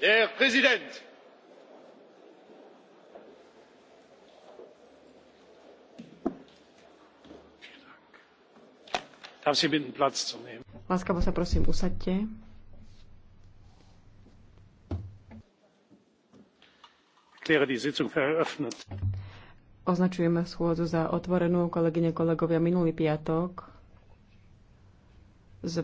herr präsident! láskavo sa prosím usaďte. označujem schôdzu za otvorenú. kolegyne kolegovia minulý piatok